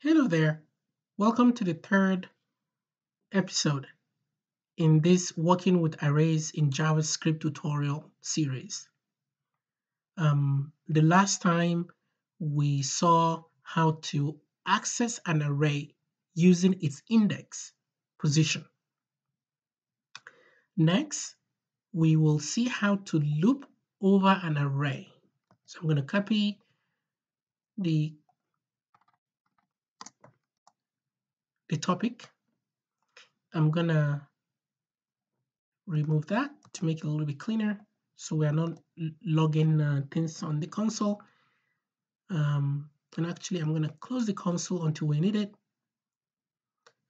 Hello there. Welcome to the third episode in this Working with Arrays in JavaScript tutorial series. Um, the last time we saw how to access an array using its index position. Next, we will see how to loop over an array. So I'm going to copy the the topic. I'm gonna remove that to make it a little bit cleaner so we are not logging uh, things on the console. Um, and actually, I'm gonna close the console until we need it.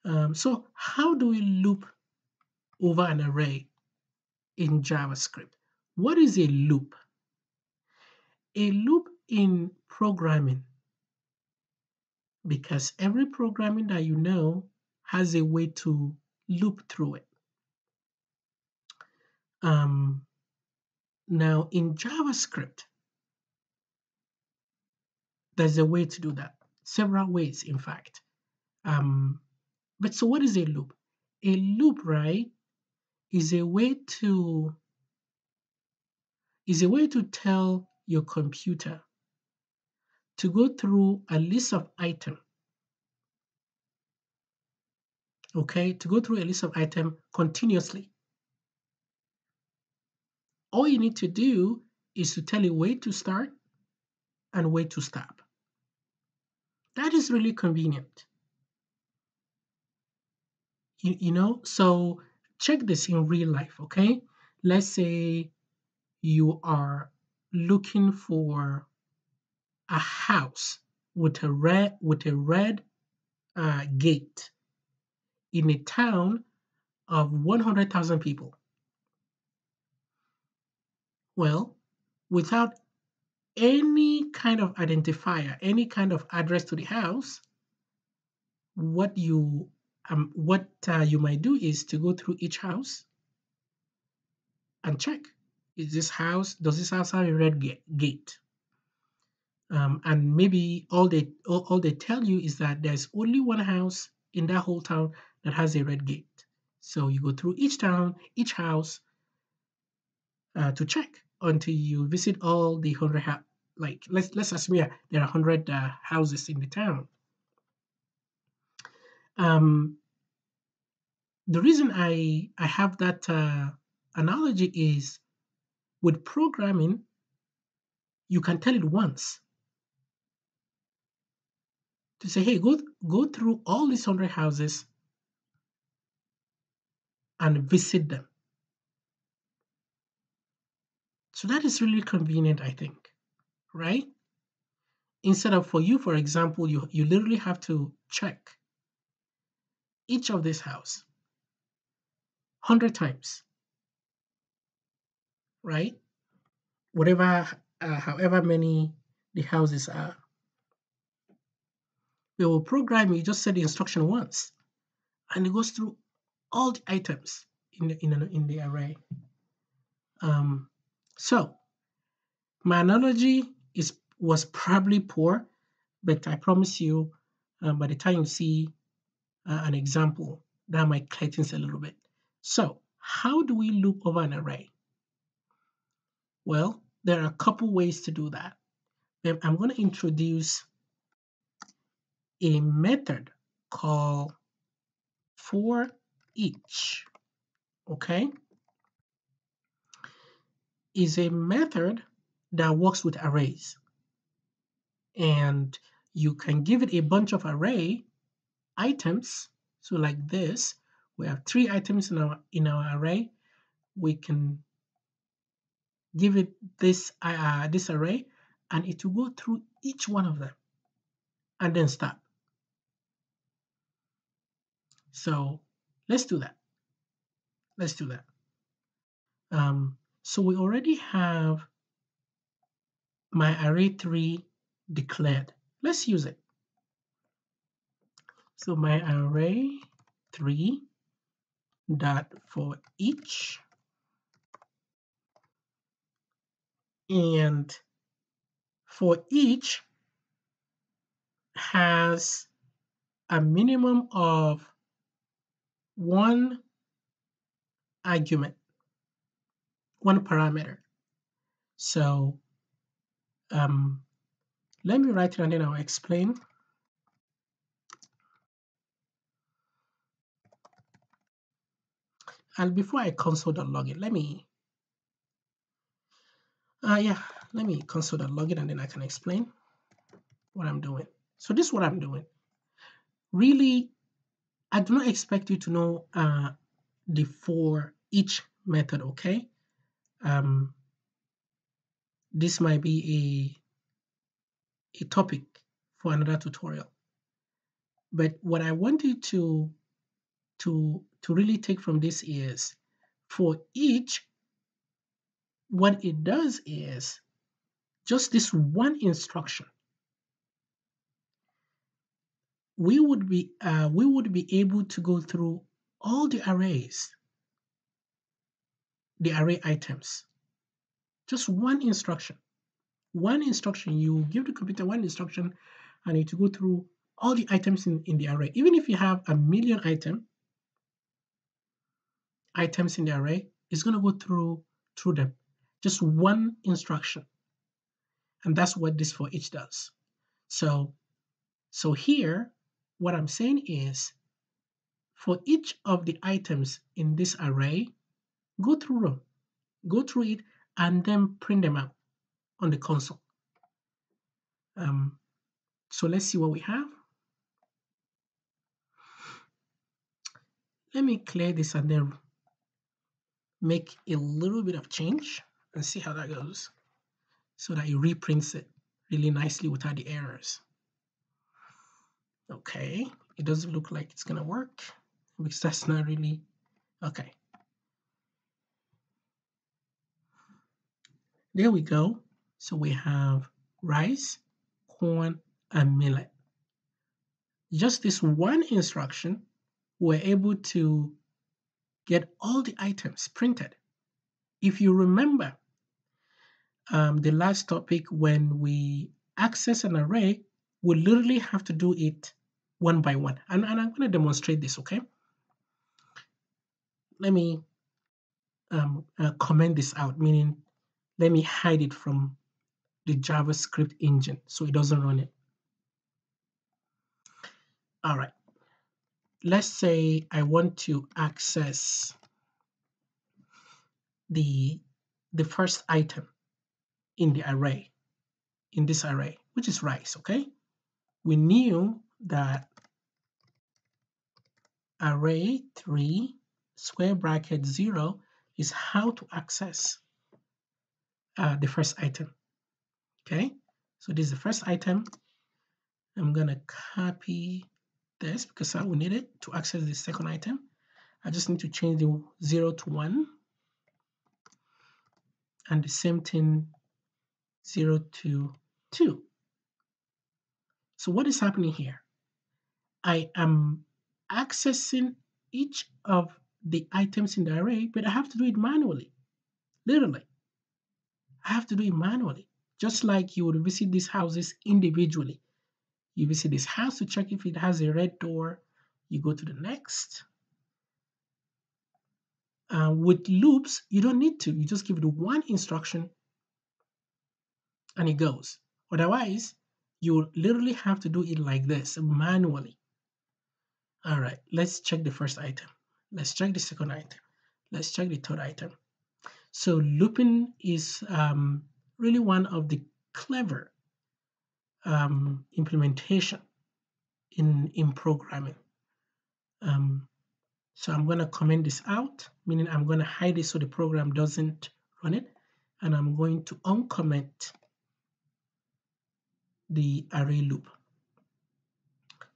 Um, so how do we loop over an array in JavaScript? What is a loop? A loop in programming because every programming that you know has a way to loop through it. Um, now, in JavaScript, there's a way to do that, several ways, in fact. Um, but so, what is a loop? A loop, right, is a way to is a way to tell your computer to go through a list of item. Okay, to go through a list of item continuously. All you need to do is to tell it where to start and where to stop. That is really convenient. You, you know, so check this in real life, okay? Let's say you are looking for a house with a red with a red uh, gate in a town of 100,000 people. Well, without any kind of identifier, any kind of address to the house, what you um, what uh, you might do is to go through each house and check: is this house does this house have a red gate? um, and maybe all they all, all they tell you is that there's only one house in that whole town that has a red gate. So you go through each town, each house uh, to check until you visit all the hundred ha- like let's let's assume yeah, there are hundred uh, houses in the town. Um, the reason I I have that uh, analogy is with programming, you can tell it once to say, hey, go, go through all these 100 houses and visit them. So that is really convenient, I think, right? Instead of for you, for example, you, you literally have to check each of this house 100 times, right? Whatever, uh, however many the houses are will program you just the instruction once and it goes through all the items in the in, the, in the array um, so my analogy is was probably poor but i promise you uh, by the time you see uh, an example that might clear things a little bit so how do we loop over an array well there are a couple ways to do that i'm going to introduce a method called for each, okay? Is a method that works with arrays. And you can give it a bunch of array items. So like this, we have three items in our in our array. We can give it this uh, this array, and it will go through each one of them, and then stop. So let's do that. Let's do that. Um, so we already have my array3 declared. Let's use it. So my array3 dot for each and for each has a minimum of one argument, one parameter. So um, let me write it and then I'll explain. And before I console the login, let me, uh, yeah, let me console the login and then I can explain what I'm doing. So this is what I'm doing. Really, I do not expect you to know uh, the for each method, okay? Um, this might be a, a topic for another tutorial. But what I want you to, to, to really take from this is for each, what it does is just this one instruction we would be uh, we would be able to go through all the arrays, the array items. Just one instruction. One instruction, you give the computer one instruction and it to go through all the items in, in the array. Even if you have a million item, items in the array, it's going to go through through them. Just one instruction. And that's what this for each does. So, so here what I'm saying is for each of the items in this array, go through them, go through it, and then print them out on the console. Um, so let's see what we have. Let me clear this and then make a little bit of change and see how that goes so that it reprints it really nicely without the errors. Okay, it doesn't look like it's gonna work because that's not really okay. There we go. So we have rice, corn, and millet. Just this one instruction, we're able to get all the items printed. If you remember um, the last topic, when we access an array, we literally have to do it one by one. And, and I'm going to demonstrate this, okay? Let me um, uh, comment this out, meaning let me hide it from the JavaScript engine so it doesn't run it. All right. Let's say I want to access the, the first item in the array, in this array, which is rice, okay? We knew that array 3 square bracket 0 is how to access uh, the first item. Okay, so this is the first item. I'm gonna copy this because I will need it to access the second item. I just need to change the 0 to 1 and the same thing 0 to 2. So what is happening here? I am accessing each of the items in the array, but I have to do it manually, literally. I have to do it manually, just like you would visit these houses individually. You visit this house to check if it has a red door, you go to the next. Uh, with loops, you don't need to. You just give it one instruction and it goes. Otherwise, you literally have to do it like this manually. All right, let's check the first item. Let's check the second item. Let's check the third item. So looping is um, really one of the clever um, implementation in, in programming. Um, so I'm going to comment this out, meaning I'm going to hide it so the program doesn't run it. And I'm going to uncomment the array loop.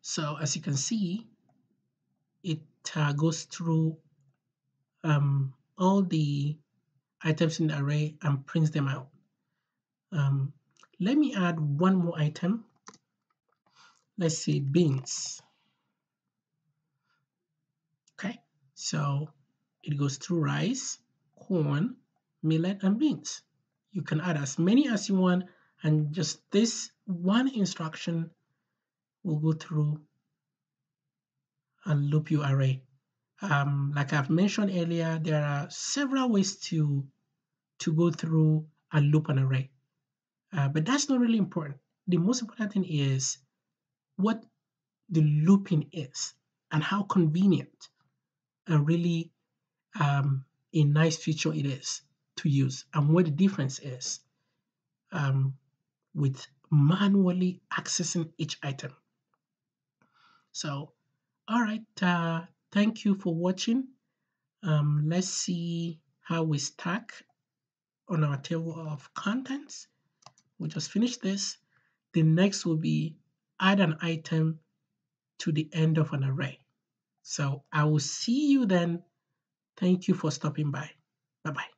So as you can see, it uh, goes through um, all the items in the array and prints them out. Um, let me add one more item. Let's see, beans. Okay, so it goes through rice, corn, millet, and beans. You can add as many as you want, and just this one instruction will go through and loop you array. Um, like I've mentioned earlier, there are several ways to, to go through and loop an array. Uh, but that's not really important. The most important thing is what the looping is and how convenient and really um, a nice feature it is to use and what the difference is um, with manually accessing each item. So all right uh, thank you for watching um, let's see how we stack on our table of contents we'll just finish this the next will be add an item to the end of an array so i will see you then thank you for stopping by bye bye